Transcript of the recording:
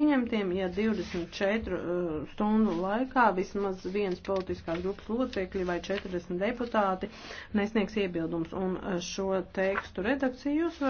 pieņemtiem, ja 24 eh, stundu laikā vismaz viens politiskās grupas locekļi vai 40 deputāti nesniegs iebildums. Un eh, šo tekstu redakciju jūs varat.